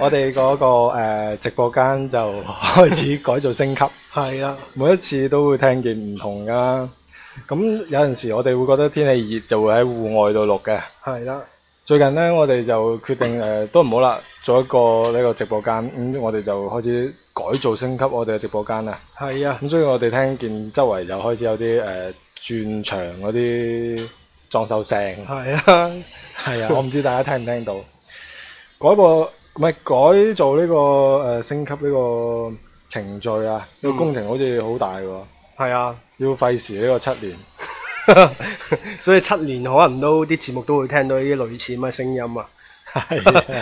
我哋嗰、那個誒、呃、直播間就開始改造升級。係啦、 啊，每一次都會聽見唔同噶。咁有陣時我哋會覺得天氣熱就會喺戶外度錄嘅。係啦、啊，最近呢，我哋就決定誒、呃、都唔好啦，做一個呢個直播間。咁、嗯、我哋就開始改造升級我哋嘅直播間啊。係啊，咁所以我哋聽見周圍就開始有啲誒轉場嗰啲裝修聲。係啊，係啊，我唔知大家聽唔聽到？個。唔係改造呢、這個誒、呃、升級呢個程序啊，呢、嗯、個工程好似好大喎。係啊，啊要費時呢個七年， 所以七年可能都啲節 目都會聽到呢啲類似咁嘅聲音啊。係、 啊，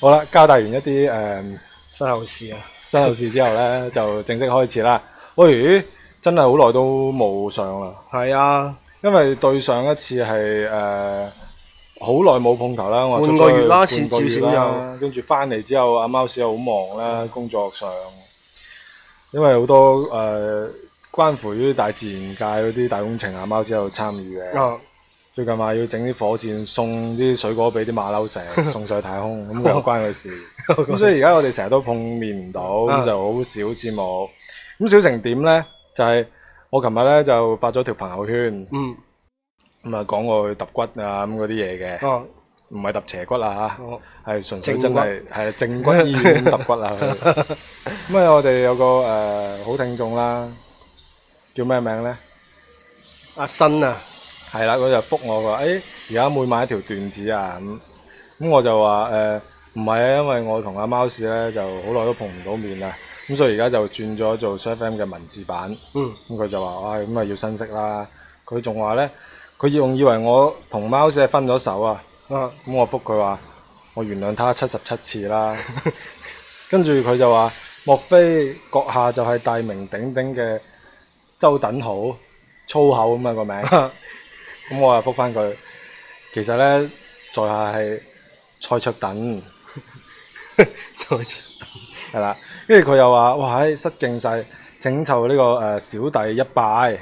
好啦，交代完一啲誒身後事啊，身後事之後呢， 就正式開始啦。喂、哎，真係好耐都冇上啦。係啊，因為對上一次係誒。呃好耐冇碰頭啦，我出咗去半個月啦，跟住翻嚟之後，阿貓屎又好忙啦，工作上，因為好多誒、呃、關乎於大自然界嗰啲大工程阿貓屎有參與嘅。啊、最近啊，要整啲火箭送啲水果俾啲馬騮食，送上太空咁又 關佢事。咁 所以而家我哋成日都碰面唔到，咁、啊、就好少見冇。咁少成點呢，就係、是、我琴日呢，就發咗條朋友圈。嗯咁啊，講我去揼骨啊，咁嗰啲嘢嘅，唔係揼斜骨啦吓，係純粹真係係正骨醫院揼骨啊！咁啊 他， 我哋有個誒、呃、好聽眾啦，叫咩名咧？阿新啊，係啦，佢就覆我話：，誒，而、哎、家每買一條段子啊，咁咁我就話：，誒、呃，唔係啊，因為我同阿貓史咧，就好耐都碰唔到面啦，咁所以而家就轉咗做 SooFM 嘅文字版。嗯，咁、嗯、佢、哎、就話：，哇，咁、哎、啊，他他啊，啊、哎、要新色啦！佢仲話咧。啊佢仲以為我同貓史分咗手啊！啊咁，我覆佢話我原諒他七十七次啦。 跟住佢就話：莫非閣下就係大名鼎鼎嘅周等好粗口咁啊個名？咁、啊啊、我又覆翻佢，其實咧在下係蔡卓等， 蔡卓等係啦。跟住佢又話：哇！失敬晒，請求呢、這個誒、呃、小弟一拜。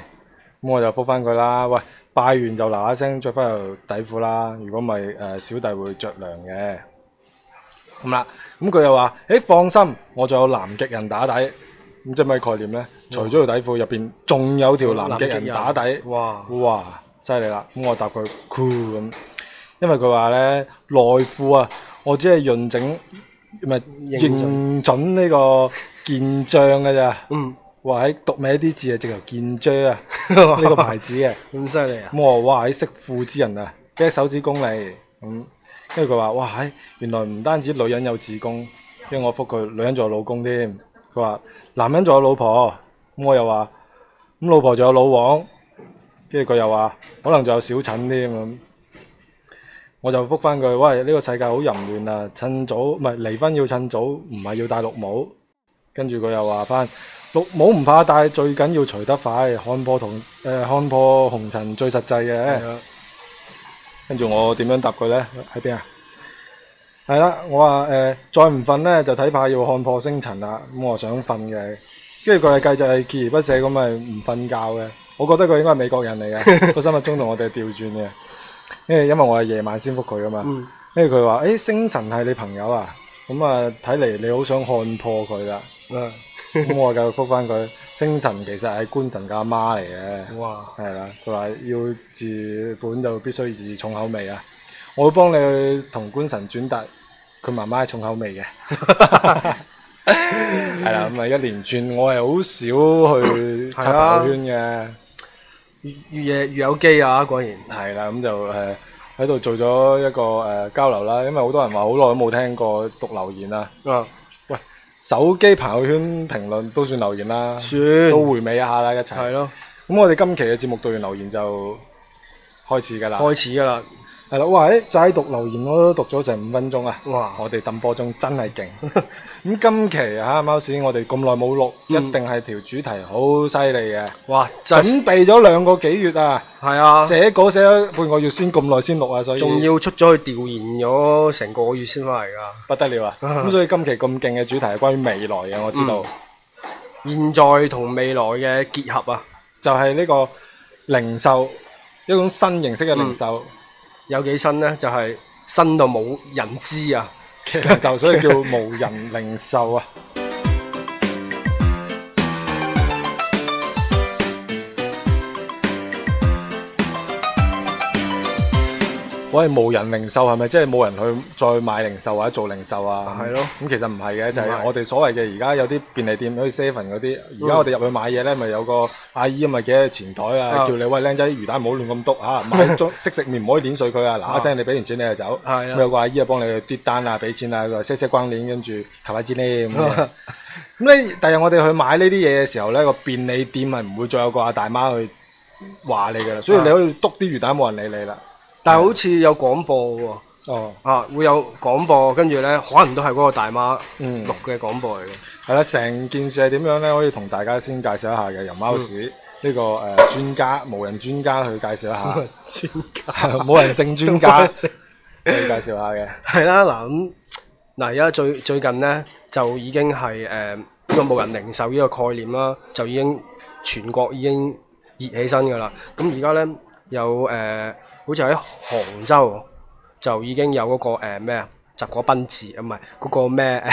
咁我就覆翻佢啦。喂！拜完就嗱嗱聲着翻條底褲啦，如果唔係誒，小弟會着涼嘅，咁啦、嗯，咁佢、嗯、又話：誒、欸、放心，我仲有南極人打底，咁即係咩概念呢？嗯、除咗條底褲入邊仲有條南極人打底，哇哇，犀利啦！咁我答佢，咁、呃，因為佢話呢內褲啊，我只係潤整，唔係認準呢個健將嘅咋。嗯話喺讀名啲字啊，直頭見章啊，呢個牌子嘅咁犀利啊！咁我喺識富之人啊，即手指公嚟，咁因為佢話哇，喺原來唔單止女人有子宮，跟住我複佢女人仲有老公添，佢話男人仲有老婆，咁我又話咁、嗯、老婆仲有老王，跟住佢又話可能仲有小陳添咁，我就複翻佢喂呢、呢個世界好淫亂啊，趁早唔係離婚要趁早，唔係要戴綠帽，跟住佢又話翻。綠帽唔怕，但係最緊要除得快，看破同誒、呃、看破紅塵最實際嘅。跟住的我點樣答佢咧？喺邊啊？係啦，我話誒、呃、再唔瞓咧就睇怕要看破星塵啦。咁我想瞓嘅，跟住佢係繼續係鍥而不捨咁咪唔瞓覺嘅。我覺得佢應該係美國人嚟嘅，個 生物鐘同我哋調轉嘅。因為因為我係夜晚先覆佢啊嘛。跟住佢話誒星塵係你朋友啊，咁啊睇嚟你好想看破佢啦。 咁 我就復翻佢，精神其實係官神嘅阿媽嚟嘅，係啦哇，佢話要治本就必須治重口味啊！我會幫你去同官神轉達佢媽媽係重口味嘅，係 啦 ，咁啊一連串，我係好少去刷朋友圈嘅， 越夜越有機啊！果然係啦，咁就誒喺度做咗一個誒交流啦，因為好多人話好耐都冇聽過讀留言啦。嗯手機朋友圈評論都算留言啦，了都回味一下啦，一齊。係咯的，咁我哋今期嘅節目讀完留言就開始噶啦，開始噶啦，係啦。喂，誒，齋讀留言我都讀咗成五分鐘啊。哇！我哋揼波鐘真係勁。咁今期吓貓史，我哋咁耐冇錄，一定係條主題好犀利嘅。哇嘩！準備咗兩個幾月啊。係啊，寫嗰寫咗半個月先，咁耐先錄啊，所以仲要出咗去調研咗成個月先翻嚟噶，不得了啊！咁所以今期咁勁嘅主題係關於未來嘅，我知道現在同未來嘅結合啊，就係呢個零售一種新形式嘅零售，有幾新呢？就係新到冇人知啊，其實就所以叫無人零售啊。我係無人零售係咪？即係冇人去再去買零售或者做零售啊？係咯、嗯，咁、嗯嗯、其實唔係嘅，是就係我哋所謂嘅而家有啲便利店，好似 Seven 嗰啲。而家我哋入去買嘢咧，咪有個阿姨咪企喺前台啊，嗯、叫你：喂，靚仔魚蛋唔好亂咁篤嚇，啊、 買即食麵唔可以點水佢啊！嗱聲、啊，你俾完錢你就走，嗯嗯、有個阿姨就幫你去嘟單色色啊、俾錢啊、嗰啲色色關聯，跟住求下子呢。咁咧，第日我哋去買呢啲嘢嘅時候咧，個便利店咪唔會再有個阿大媽去話你噶啦，所以你可以篤啲魚蛋冇人理你啦。但係好似有廣播喎，哦，啊，會有廣播，跟住呢，可能都係嗰個大媽錄嘅廣播嚟嘅。係啦、嗯，成件事係點樣呢？可以同大家先介紹一下嘅，由貓史呢、嗯呢個誒、呃、專家，無人專家去介紹一下。無人專家， 無人性專家，人可以介紹下嘅。係啦，嗱咁，嗱而家最最近呢，就已經係誒呢個無人零售呢個概念啦，就已經全國已經熱起身噶啦。咁而家呢。有誒、呃，好似喺杭州就已經有嗰、嗰個咩啊，雜、呃、果賓治啊，唔係嗰個咩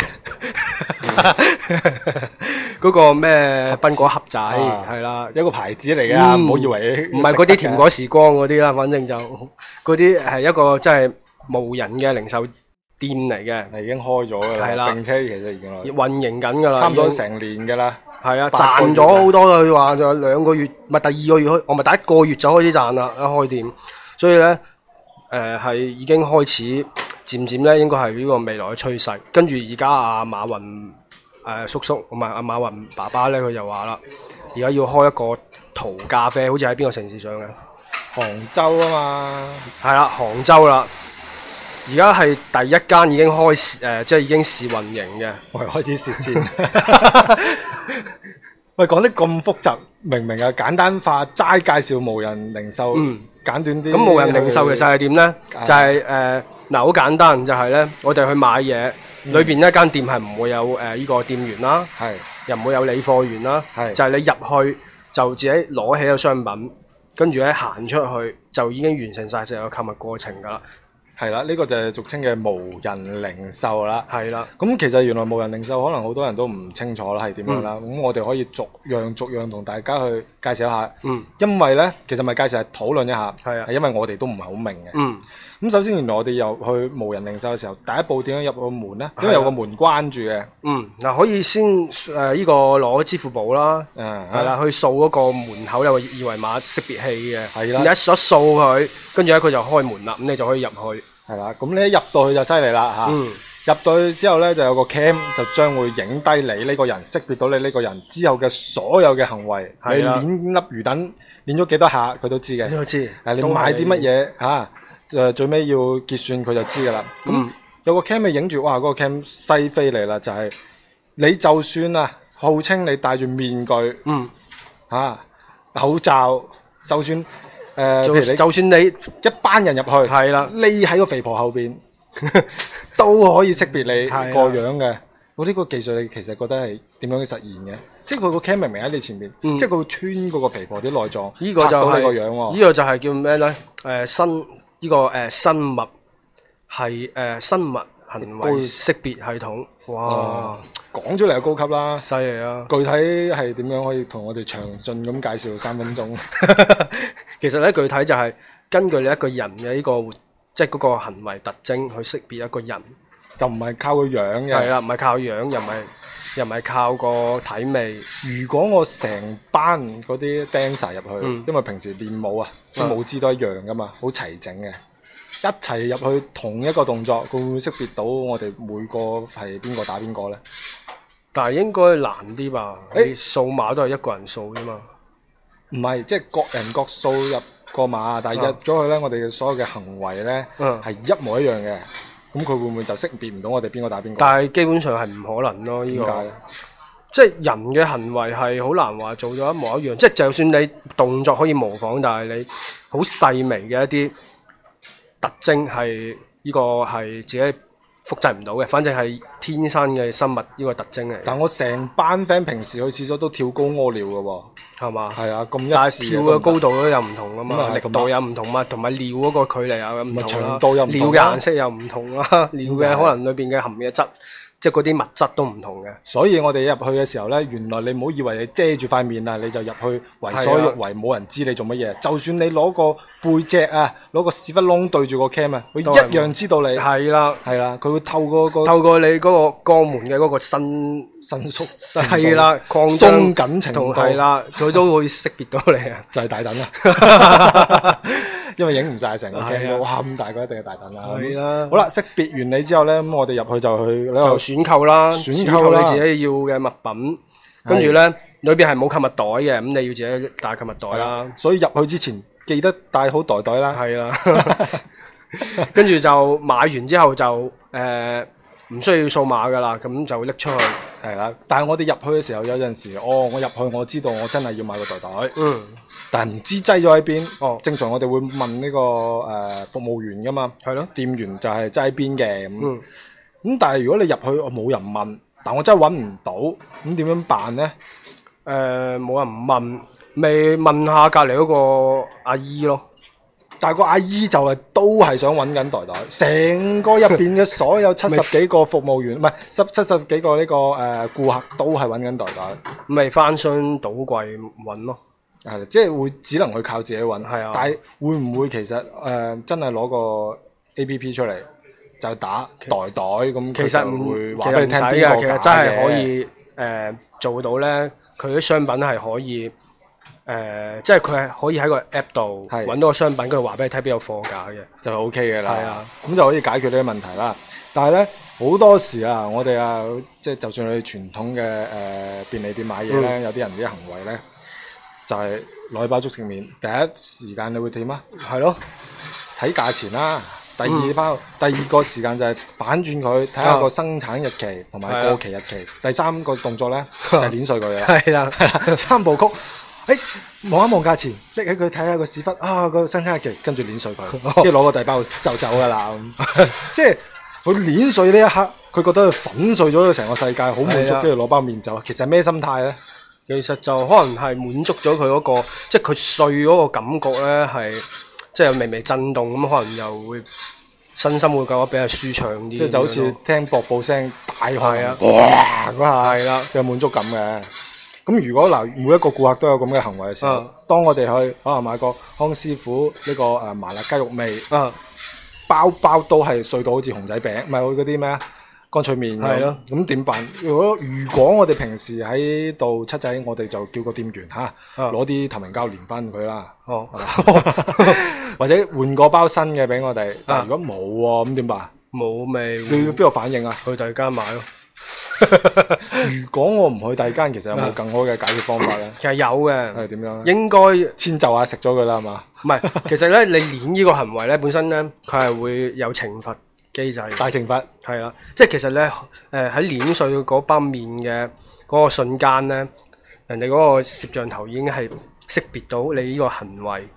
誒，嗰 個咩子 賓果盒仔，係啦、啊，的一個牌子嚟㗎，唔好、嗯、以為唔係嗰啲甜果時光嗰啲啦，反正就嗰啲係一個真係無人嘅零售。店嚟嘅，係已經開咗嘅啦，定期的其實已經運營緊嘅啦，差唔多成年嘅啦。係啊經，賺咗好多佢話，仲有兩個月，唔係第二個月開，我咪第一個月就開始賺啦，一開店。所以咧，誒、呃、係已經開始漸漸咧，應該係呢個未來嘅趨勢。跟住而家阿馬雲誒、啊、叔叔，唔係阿馬雲爸爸咧，佢就話啦，而家要開一個淘咖啡，好似喺邊個城市上嘅？杭州啊嘛。係啦，杭州啦。而家係第一間已經開試，誒、呃，即係已經試運營嘅，我係開始試戰。喂，講得咁複雜，明唔明啊？簡單化，齋介紹無人零售，嗯，簡短啲。咁無人零售其實係點咧？啊、就係、是、誒，嗱、呃，好、啊、簡單，就係呢。我哋去買嘢，嗯、裏邊一間店係唔會有誒呢、呃這個店員啦，係，嗯、又唔會有理貨員啦，是的 就係你入去就自己攞起個商品，跟住咧行出去就已經完成晒成個購物過程噶啦。係啦，呢個就係俗稱嘅無人零售啦。係啦，咁其實原來無人零售可能好多人都唔清楚啦，係點樣啦？咁我哋可以逐樣逐樣同大家去介紹一下。嗯，因為呢，其實咪介紹係討論一下。係啊，因為我哋都唔係好明嘅。嗯。咁首先，原來我哋又去無人零售嘅時候，第一步點樣入個門咧？因為有個門關住嘅。嗯，嗱，可以先誒呢個攞支付寶啦，係啦，去掃嗰個門口有個二維碼識別器嘅，你一掃掃佢，跟住咧佢就開門啦，咁你就可以入去。係啦，咁你一入到去就犀利啦吓，入到去之後咧就有個 cam 就將會影低你呢個人，識別到你呢個人之後嘅所有嘅行為，你捻粒魚蛋捻咗幾多下，佢都知嘅。都知。係你買啲乜嘢吓？誒最尾要結算佢就知㗎啦。咁有個 cam 咪影住，哇！嗰個 cam 西飛嚟啦，就係你就算啊，號稱你戴住面具，嗯，吓口罩，就算誒，譬如你，就算你一班人入去，係啦，匿喺個肥婆後邊，都可以識別你個樣嘅。我呢個技術你其實覺得係點樣去實現嘅？即係佢個 cam 明明喺你前面，即係佢會穿嗰個肥婆啲內臟，依個就係個樣喎。依個就係叫咩咧？誒新。呢、這個誒、呃、生物系誒、呃、生物行為識別系統，哇！嗯、講咗嚟就高級啦，犀利啊！具體係點樣可以同我哋詳盡咁介紹三分鐘？ 其實咧，具體就係根據你一個人嘅呢、這個，即係嗰個行為特徵去識別一個人。就唔係靠個樣嘅。係啦，唔係靠樣，又唔係又唔係靠個體味。如果我成班嗰啲 dancer 入去，嗯、因為平時練舞啊，啲舞姿都一樣噶嘛，好齊、嗯、整嘅，一齊入去同一個動作，佢會唔會識別到我哋每個係邊個打邊個呢？但係應該難啲吧？你數碼都係一個人數啫嘛，唔係，即係各人各數入個碼，但係入咗去呢，嗯、我哋嘅所有嘅行為呢，係一模一樣嘅。嗯咁佢會唔會就識別唔到我哋邊個打邊個？但係基本上係唔可能咯，呢個即係人嘅行為係好難話做到一模一樣。即係就算你動作可以模仿，但係你好細微嘅一啲特徵係呢個係自己。複製唔到嘅，反正係天生嘅生物呢個特徵嚟。但我成班 friend 平時去廁所都跳高屙尿嘅喎，係吧、啊、嘛？係啊，咁一跳嘅高度都有唔同啊嘛，力度有唔同，同，同，同啊，同埋尿嗰個距離又有唔同，尿嘅顏色又唔同啦，尿嘅可能裏邊嘅含嘅質。即係嗰啲物質都唔同嘅，所以我哋入去嘅時候呢，原來你唔好以為你遮住塊面啊，你就入去為所欲為，冇的人知你做乜嘢。就算你攞個背脊啊，攞個屎忽窿對住個 cam 啊，佢一,一樣知道你。係啦的，係啦，佢會透過、個透過你嗰個肛門嘅嗰個伸伸縮係啦，擴張緊程度係啦，佢都會識別到你啊， 就係大躉啦。 因為影唔晒成個鏡，哇咁、啊、大個一定係大躉啦。係啦，好啦，識別完你之後呢，咁我哋入去就去就選購啦，選購你自己要嘅物品。啊、跟住呢，裏邊係冇購物袋嘅，咁你要自己帶購物袋啦。啊、所以入去之前記得帶好袋袋啦。係啦是、啊， 跟住就買完之後就誒。呃唔需要數碼噶啦，咁就拎出去，係啦。但係我哋入去嘅時候有陣時，哦，我入去我知道我真係要買個袋袋，嗯。但係唔知擠咗喺邊，哦。正常我哋會問呢、這個誒、呃、服務員噶嘛，係咯的。店員就係擠喺邊嘅，咁、嗯。咁但係如果你入去我冇人問，但我真係揾唔到，咁點樣辦呢？誒、呃，冇人問，咪問下隔離嗰個阿姨咯。但係個阿姨就係、是、都係想揾緊袋袋，成個入邊嘅所有七十幾個服務員，唔係 十七十幾個呢個誒顧客，都係揾緊袋袋，唔係翻箱倒櫃揾咯。係，即係會只能去靠自己揾。係啊的，但係會唔會其實誒、呃、真係攞個 A P P 出嚟就打袋袋咁？其實唔會，其實唔使嘅，其實真係可以誒、呃、做到呢，佢啲商品係可以。誒、呃，即係佢係可以喺個 app 度揾到個商品，跟住話俾你睇邊有貨架嘅，就 O K 嘅啦。係啊，咁就可以解決呢個問題啦。但係呢，好多時啊，我哋啊，即係就算去傳統嘅誒、呃、便利店買嘢呢，有啲人啲行為呢，就係、是、攞包竹絲麵，第一時間你會點啊？係咯的，睇價錢啦。第二包，第二，嗯、第二個時間就係反轉佢，睇下個生產日期同埋過期日期。的第三個動作呢，就碾、是、碎佢啦。係係啦，三部曲。誒，望、欸、一望價錢，拎起佢睇下個屎忽，啊生個生親一技，跟住碾碎佢，跟住攞個大包就走噶啦。咁 即係佢碾碎呢一刻，佢覺得佢粉碎咗成個世界，好滿足。跟住攞包麵走，其實咩心態咧？其實就可能係滿足咗佢嗰個，即係佢碎嗰個感覺咧，係即係微微震動咁，可能又會身心會覺得比較舒暢啲。即係就好似聽瀑布聲的大開啊，哇、啊！下係啦，有滿足感嘅。咁如果嗱，每一個顧客都有咁嘅行為嘅時候，啊、當我哋去可能買個康師傅呢個誒麻辣雞肉味，啊、包包都係碎到好似熊仔餅，唔係佢嗰啲咩乾脆麵咁，咁點對了 辦？如果如果我哋平時喺度七仔，我哋就叫個店員吓，攞啲透明膠連翻佢啦，或者換個包新嘅俾我哋。但如果冇喎、啊，咁點辦？冇味？你要邊個反應啊？去第二間買咯、啊。 如果我唔去第二間，其實有冇更好嘅解決方法呢？其實有嘅，係點樣？應該該遷就下食咗佢啦，係嘛？唔係，其實呢，你碾呢個行為咧，本身呢，佢係會有懲罰機制，大懲罰係啦。即係其實呢，誒喺碾碎嗰包麵嘅嗰個瞬間呢，人哋嗰個攝像頭已經係識別到你呢個行為。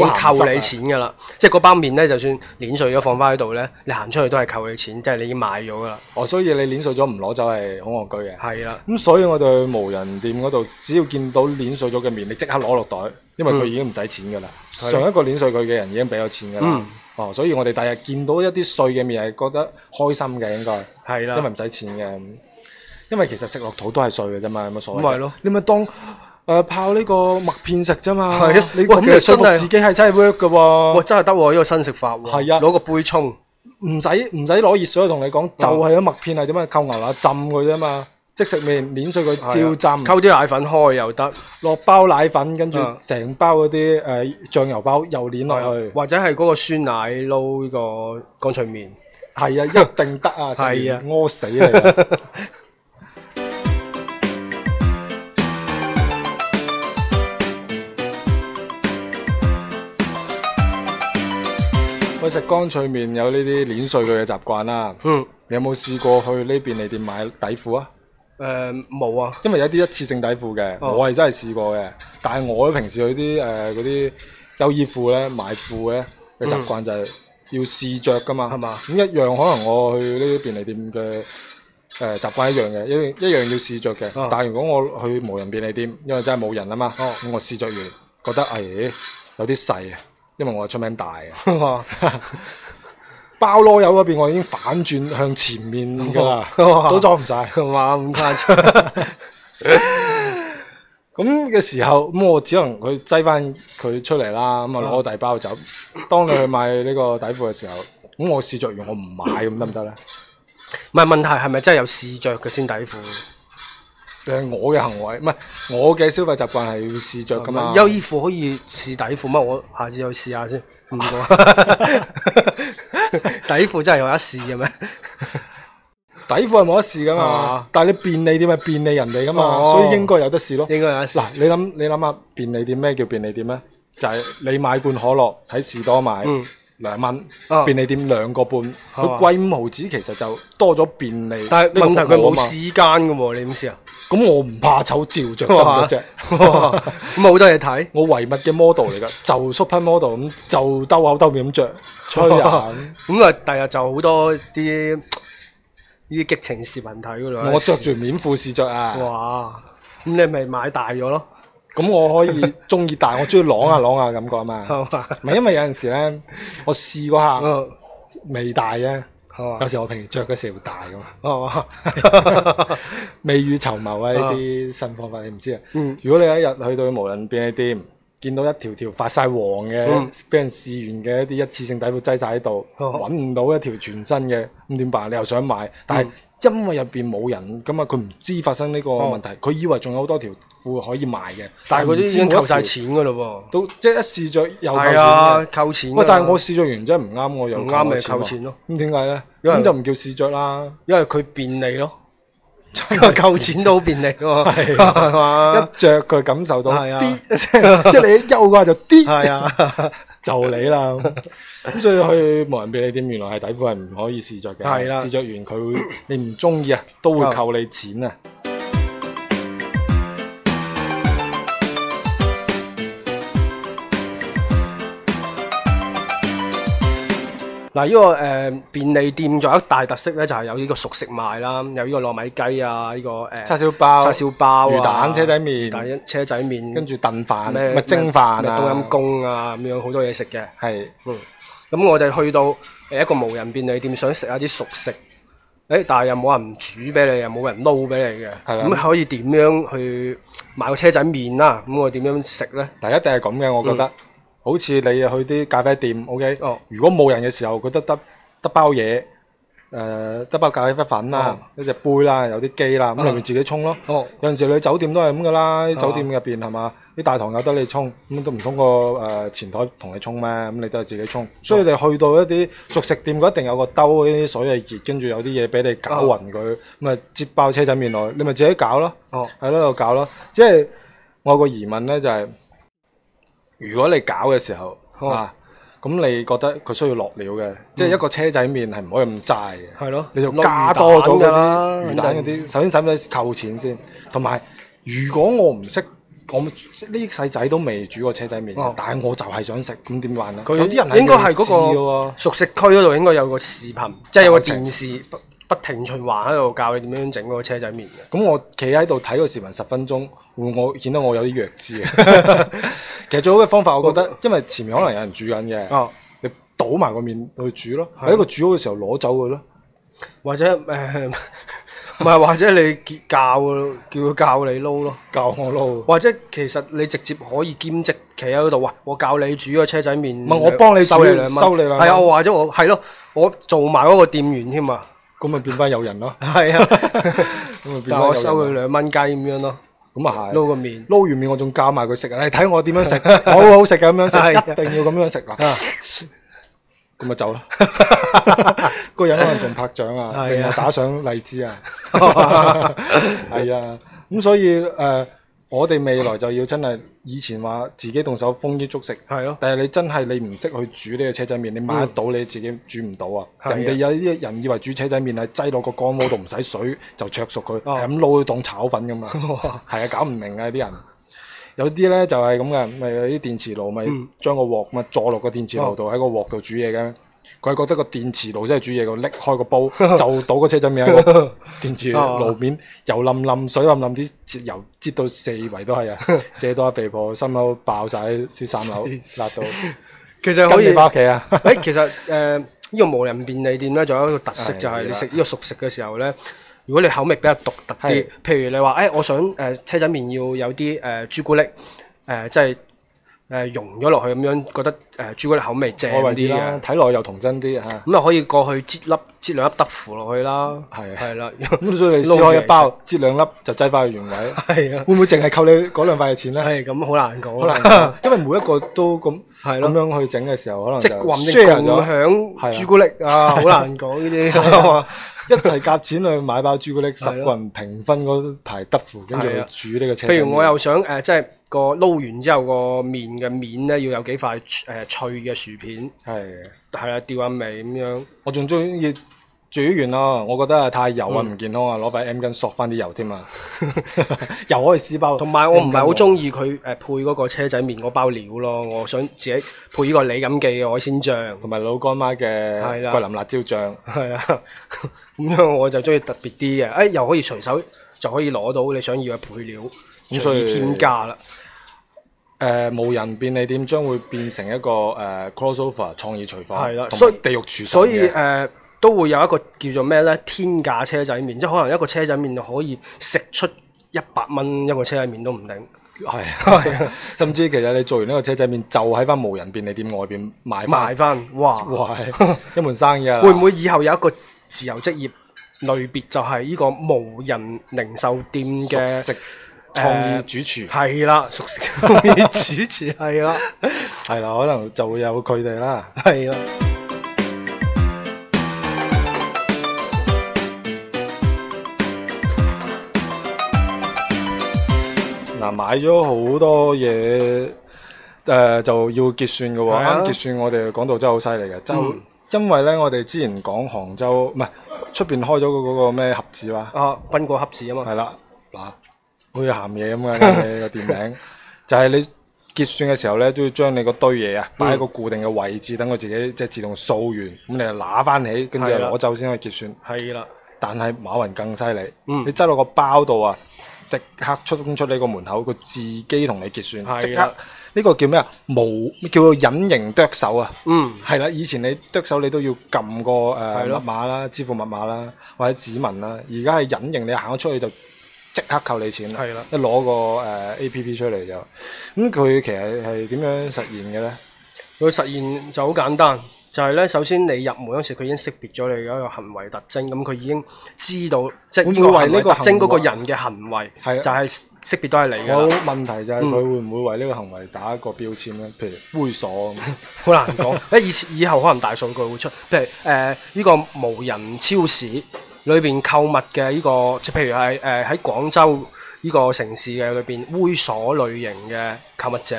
好，扣你錢噶啦，即係嗰包麵呢，就算碾碎咗放翻喺度呢，你行出去都係扣你錢，即係你已經買咗噶啦。哦，所以你碾碎咗唔攞走係好惡居嘅。係啦的，咁所以我對無人店嗰度，只要見到碾碎咗嘅麵，你即刻攞落袋，因為佢已經唔使錢噶啦。嗯、上一個碾碎佢嘅人已經俾咗錢噶啦。嗯、哦，所以我哋第日見到一啲碎嘅麵係覺得開心嘅，應該係啦，的因為唔使錢嘅。因為其實食落肚都係碎嘅啫嘛，有乜所謂？咁咪咯，你咪當。誒，泡呢個麥片食啫嘛，你咁嚟說服自己係真係 work 嘅喎，真係得呢個新食法喎，係啊，攞個杯沖，唔使唔使攞熱水，去同你講，就係咗麥片係點樣，扣牛奶浸佢啫嘛，即食麵碾碎佢照浸，溝啲奶粉開又得，落包奶粉跟住成包嗰啲誒醬油包又碾落去，或者係嗰個酸奶撈呢個乾脆麵，係啊一定得啊，係啊，屙死你。我食乾脆麵有呢啲碾碎佢嘅習慣啦。嗯，你有冇試過去呢便利店買底褲啊？誒、呃，冇啊，因為有啲一次性底褲嘅，哦、我係真係試過嘅。但係我平時去啲誒啲優衣庫咧買褲咧嘅習慣就係要試着噶嘛，係嘛、嗯？咁一樣可能我去呢啲便利店嘅誒習慣一樣嘅，一一樣要試着嘅。哦、但係如果我去無人便利店，因為真係冇人啊嘛，咁、哦、我試着完覺得誒、哎、有啲細啊。因為我出名大啊， 包囉柚嗰邊我已經反轉向前面噶啦， 都裝唔晒，五五攤咁嘅時候，咁我只能佢擠翻佢出嚟啦，咁啊攞第二包走。 當你去買呢個底褲嘅時候，咁我試着完我唔買咁得唔得咧？唔係問題係咪真係有試着嘅先底褲？係我嘅行為，唔係我嘅消費習慣係要試着噶嘛？優衣庫可以試底褲乜？我下次去試下先。唔 底褲真係有得試嘅咩？底褲係冇得試噶嘛？啊、但係你便利店係便利人哋噶嘛？啊、所以應該有得試咯。應該有得試。嗱，你諗你諗下，便利店咩叫便利店咧？就係、是、你買罐可樂喺士多買兩蚊，便利店兩個半，佢貴五毫子，其實就多咗便利。但係問題佢冇時間噶喎，你點試啊？咁我唔怕醜，照着得嗰隻，咁好多嘢睇。我維密嘅 model 嚟噶，就 super model 咁，就兜口兜面咁著，吹下。咁啊，第日就好多啲呢啲激情視頻睇噶啦。我着住棉褲試着啊。哇！咁你咪買大咗咯。咁我可以中意大，我中意晾下晾下感覺啊嘛。唔係因為有陣時咧，我試過下未大啊。啊、有時我平時着嘅時候會大嘅嘛，未雨綢繆啊！呢啲新方法你唔知啊。嗯，如果你有一日去到無論便利店，見到一條條發晒黃嘅，俾、嗯、人試完嘅一啲一次性底褲擠晒喺度，揾唔、啊、到一條全新嘅，咁點辦？你又想買，但係。嗯因為入邊冇人，咁啊佢唔知發生呢個問題，佢以為仲有好多條褲可以賣嘅，但係佢都已經扣晒錢嘅咯喎，都即係一試着又係啊扣錢。但係我試着完真係唔啱，我又唔啱咪扣錢咯。咁點解咧？咁就唔叫試着啦，因為佢便利咯，因為扣錢都好便利喎。係嘛？一着，佢感受到啲，即係即係你一休嘅話就啲。係啊。就你啦，咁 所以去無人便利店，原來係底褲係唔可以試着嘅。係啦的，試着完佢會， 你唔中意啊，都會扣你錢啊。 嗱，呢、這個誒、呃、便利店仲有一個大特色咧，就係、是、有呢個熟食賣啦，有呢個糯米雞啊，呢、這個誒、呃、叉燒包、叉燒包、啊、魚蛋、車仔麵、蛋、車仔麵，跟住燉飯咧、麼蒸飯啊、冬陰功啊咁樣好多嘢食嘅。係，咁、嗯、我哋去到誒一個無人便利店，想食一啲熟食，誒、欸，但係又冇人煮俾你，又冇人撈俾你嘅，咁的可以點樣去買個車仔麵啦、啊？咁我點樣食咧？但一定係咁嘅，我覺得。嗯好似你去啲咖啡店，OK，如果冇人嘅時候，佢得得得包嘢，誒，得包咖啡粉啦，一隻杯啦，有啲機啦，咁你咪自己沖咯。哦，有陣時你去酒店都係咁噶啦，酒店入邊係嘛，啲大堂有得你沖，咁都唔通過誒前台同你沖咩？咁你都係自己沖。所以你去到一啲熟食店，佢一定有個兜，啲水係熱，跟住有啲嘢俾你搞匀佢，咁啊接爆車仔麵來，你咪自己搞咯。哦，喺度搞咯，即係我有個疑問呢就係，如果你搞嘅時候啊，咁你覺得佢需要落料嘅，即係一個車仔麵係唔可以咁齋嘅，係咯，你就加多咗嗰啲魚蛋嗰啲。首先使唔使扣錢先？同埋，如果我唔識，我呢細仔都未煮過車仔麵，但係我就係想食。咁點辦啊？佢有啲人應該係嗰個熟食區嗰度應該有個視頻，即係有個電視不不停循環喺度教你點樣整嗰個車仔麵嘅。咁我企喺度睇個視頻十分鐘，會我顯得我有啲弱智啊？其實最好嘅方法，我覺得，因為前面可能有人煮緊嘅，你倒埋個麵去煮咯，喺個煮好嘅時候攞走佢咯，或者誒，唔係或者你教叫佢教你撈咯，教我撈，或者其實你直接可以兼職企喺嗰度，喂，我教你煮個車仔麵，唔係我幫你收你兩蚊，係啊，或者我係咯，我做埋嗰個店員添啊，咁咪變翻有人咯，係啊，但我收佢兩蚊雞咁樣咯。咁啊，係撈個麵，撈完麵我仲教埋佢食啊！你睇我點樣食，好好食嘅，咁樣食，一定要咁樣食啦。咁咪走啦！個人都可能仲拍掌啊，定係打上荔枝啊，係啊！咁所以誒。我哋未來就要真係以前話自己動手豐衣足食，的但係你真係你唔識去煮呢個車仔麵，你買得到你自己煮唔到啊！嗯、人哋有啲人以為煮車仔麵係擠落個乾鍋度唔使水就灼熟佢，咁撈、哦、去當炒粉咁嘛，係啊哇 搞唔明啊啲人，有啲呢就係咁嘅，咪有啲電磁爐咪將個鑊咪、嗯、坐落個電磁爐度喺、嗯、個鑊度煮嘢嘅。佢係覺得電爐個，個電磁爐先係煮嘢，個拎開個煲就倒個車仔麵，個電磁爐面油淋淋、水淋淋啲油，濺到四圍都係啊！射到阿肥婆心口爆晒，跌三樓辣到， 其實可以翻屋企啊！誒、欸，其實誒、呢、呃這個無人便利店咧，仲有一個特色就係、是、的你食呢個熟食嘅時候咧，如果你口味比較獨特啲，是的 譬如你話誒、欸，我想誒、呃、車仔麵要有啲誒朱古力誒，即、呃、係。呃呃誒融咗落去咁樣，覺得誒朱古力口味正啲嘅，睇落又童真啲啊！咁啊，可以過去擠粒擠兩粒德芙落去啦。係係啦，咁所以你撕開一包，擠兩粒就擠翻去原位。係啊，會唔會淨係扣你嗰兩塊錢咧？咁好難講，因為每一個都咁咁樣去整嘅時候，可能即混即共享朱古力啊，好難講呢啲。係嘛，一齊夾錢去買包朱古力，十個人平分嗰排德芙，跟住去煮呢個。譬如我又想誒，即係。個撈完之後，個麵嘅面咧要有幾塊誒、呃、脆嘅薯片，係係啦，調下味咁樣。我仲中意煮完咯，我覺得太油啊，唔、嗯、健康啊，攞塊 M 巾索翻啲油添啊， 油可以撕包。同埋我唔係好中意佢誒配嗰個車仔麵嗰包料咯，我，我，我想自己配呢個李錦記嘅海鮮醬，同埋老乾媽嘅桂林辣椒醬，係啦的，咁是的 樣我就中意特別啲嘅，誒、欸、又可以隨手就可以攞到你想要嘅配料。咁、嗯、所以天價啦，誒、呃，無人便利店將會變成一個誒、呃、crossover 創意廚房，係啦的，所以地獄廚師，所以誒都會有一個叫做咩咧？天價車仔麵，即係可能一個車仔麵就可以食出一百蚊一個車仔麵都唔定，係，甚至其實你做完呢個車仔麵就喺翻無人便利店外邊買賣翻，哇，哇， 一門生意啊！會唔會以後有一個自由職業類別就係、是、呢個無人零售，售店嘅食？創意主持係啦，創意主持係啦，係啦 了， 可能就會有佢哋啦，係啦。嗱、嗯，買咗好多嘢，誒、呃，就要結算嘅喎。啱、啊、結算我、嗯，我哋講到真係好犀利嘅，就因為咧，我哋之前講杭州，唔係出邊開咗嗰嗰個咩盒、啊、盒子嘛，啊，賓果盒子啊嘛，係啦，嗱。好似鹹嘢咁嘅個店名，就係你結算嘅時候咧，都要將你嗰堆嘢啊，擺喺個固定嘅位置，等佢、嗯、自己即係自動掃完，咁你就攞翻起，跟住攞走先可以結算。係啦的，但係馬雲更犀利，嗯、你執落個包度啊，即刻出門出呢個門口，佢自己同你結算，即的刻呢、呢個叫咩啊？無叫做隱形剁手啊！嗯，係啦，以前你剁手你都要撳個誒、呃、的密碼啦、支付密碼啦或者指紋啦，而家係隱形，你行咗出去就。即刻扣你錢，係啦的，一攞個誒 A P P 出嚟就，咁佢、嗯、其實係點樣實現嘅咧？佢實現就好簡單，就係、是、咧，首先你入門嗰時，佢已經識別咗你嘅一個行為特徵，咁、嗯、佢已經知道，即係要為呢個特徵嗰個人嘅行為，的就係識別都係你。冇問題就係佢會唔會為呢個行為打一個標籤咧？嗯、譬如猥瑣，好難講。誒， 以以後可能大數據會出，譬如誒呢、呃呢個無人超市。裏邊購物嘅呢、這個，即譬如係誒喺廣州呢個城市嘅裏邊，猥瑣類型嘅購物者，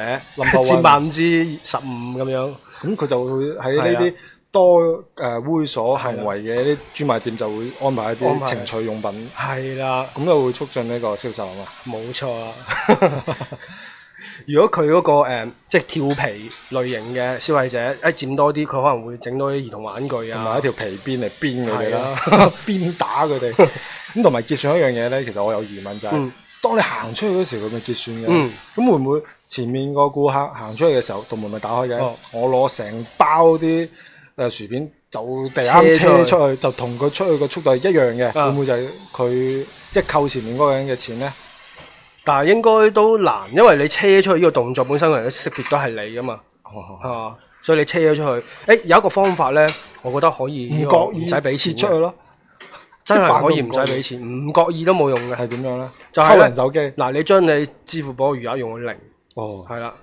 百分之十五咁樣，咁佢 就會喺呢啲多誒、啊呃、猥瑣行為嘅啲專賣店就會安排一啲情趣用品，係啦、啊，咁又、啊、會促進呢個銷售啊嘛，冇錯啊。 如果佢嗰、那個誒、嗯，即係調皮類型嘅消費者，一佔多啲，佢可能會整多啲兒童玩具啊。同埋一條皮鞭嚟鞭佢哋啦，鞭是、啊、 打佢哋。咁同埋結算一樣嘢咧，其實我有疑問就係、是，嗯、當你行出去嗰時，佢咪結算嘅？咁、嗯、會唔會前面個顧客行出去嘅時候，同門咪打開嘅？嗯、我攞成包啲誒薯片就啱車，載車出去，就同佢出去嘅速度係一樣嘅，嗯嗯、會唔會就係佢即係扣前面嗰個人嘅錢咧？但係應該都難，因為你車出去呢個動作本身個人識都識別到係你噶嘛，係嘛、哦？所以你車咗出去，誒、欸、有一個方法咧，我覺得可以唔、這個、覺意唔使俾錢出去咯，真係可以唔使俾錢，唔覺，覺意都冇用嘅，係點樣咧？偷、就是、人手機，嗱你將你支付寶餘額用零，哦，係啦，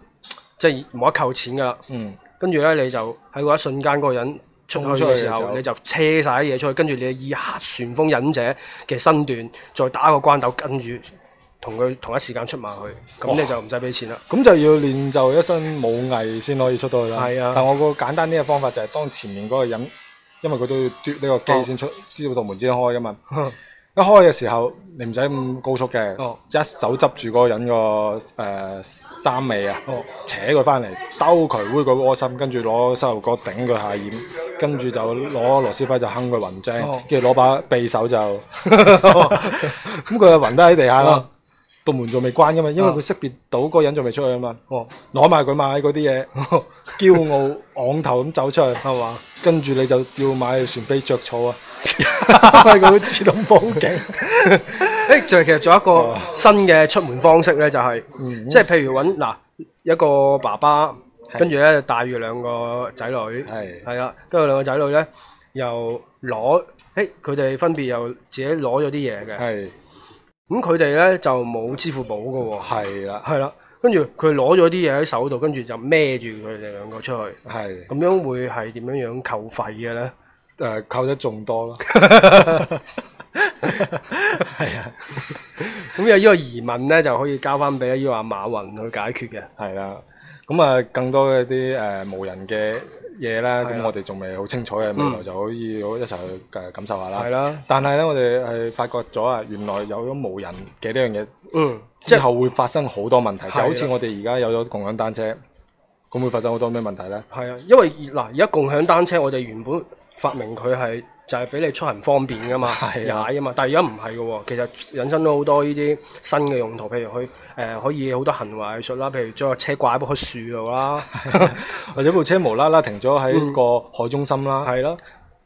即係冇得扣錢噶啦，嗯，跟住咧你就喺嗰一瞬間，嗰個人衝出嚟嘅時候，時候你就車晒啲嘢出去，跟住你以黑旋風忍者嘅身段再打個關斗，跟住。同佢同一時間出埋去，咁你就唔使俾錢啦。咁就要練就一身武藝先可以出到去啦。係啊，但我個簡單啲嘅方法就係當前面嗰個人因為佢都要篤呢個機先出，呢道門先開噶嘛。一開嘅時候，你唔使咁高速嘅，一手執住嗰個人個誒衫尾啊，扯佢翻嚟，兜佢搵個窩心，跟住攞膝頭哥頂佢下掩，跟住就攞螺絲批就坑佢勻淨，跟住攞把匕首就，咁佢就暈低喺地下咯。個門仲未關噶嘛，因為佢識別到嗰個人仲未出去啊嘛。哦，攞埋佢買嗰啲嘢，驕傲昂頭咁走出去，係嘛 吧？跟住你就要買船飛着草啊！佢 自動報警。誒，就係其實仲有一個新嘅出門方式咧、就是，嗯、就係即係譬如搵嗱，一個爸爸跟住咧帶住兩個仔女，係係啦，跟住兩個仔女咧又攞，誒、哎，佢哋分別又自己攞咗啲嘢嘅，係。咁佢哋咧就冇支付寶㗎喎，哦，係啦的，係啦，跟住佢攞咗啲嘢喺手度，跟住就孭住佢哋兩個出去，係咁的樣會係點樣樣扣費嘅咧？誒、呃，扣得仲多咯，係啊！咁有呢個疑問咧，就可以交翻俾呢個阿馬雲去解決嘅，係啦。咁啊，更多嘅啲誒無人嘅，嘢咧，咁我哋仲未好清楚嘅，未來、嗯、就可以好一齊去感受下啦。係啦的，但係呢，我哋係發覺咗啊，原來有咗無人嘅呢樣嘢，之、嗯、後會發生好多問題，的就好似我哋而家有咗共享單車，咁會發生好多咩問題呢？係啊，因為嗱，而家共享單車，我哋原本發明佢係。就係俾你出行方便噶嘛，是啊踩啊嘛！但係而家唔係嘅喎，其實引申咗好多呢啲新嘅用途，譬如佢誒可以好、呃、多行為藝術啦，譬如將個車掛喺棵樹度啦， 或者部車無啦啦停咗喺個海中心啦，係咯、嗯，啊、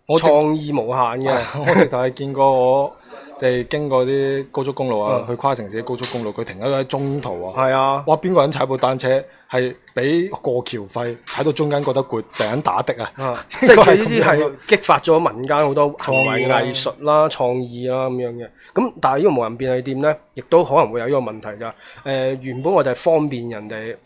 我我直創意無限嘅， 我哋大見過我。 哋經過啲高速公路啊，去跨城市嘅高速公路，佢、嗯、停咗喺中途啊。係啊，哇！邊個人踩部單車係俾過橋費，踩到中間覺得攰，第日打的啊。即係呢啲係激發咗民間好多行為藝術啦、創意啦咁樣嘅。咁但係呢個無人便利店呢，亦都可能會有呢個問題就係誒、呃，原本我哋係方便人哋。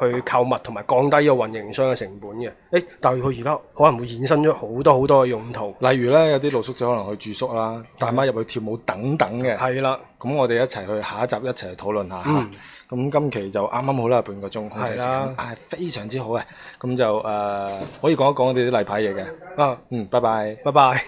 去購物同埋降低個運營商嘅成本嘅，誒、欸，但係佢而家可能會衍生咗好多好多嘅用途，例如咧有啲露宿者可能去住宿啦，大媽入去跳舞等等嘅。係啦的，咁我哋一齊去下一集一齊去討論下嚇。咁、嗯、今期就啱啱好啦，半個鐘控制時間，係的、啊、非常之好嘅、啊。咁就誒、呃、可以講一講我哋啲例牌嘢嘅。啊，嗯，拜拜，拜拜。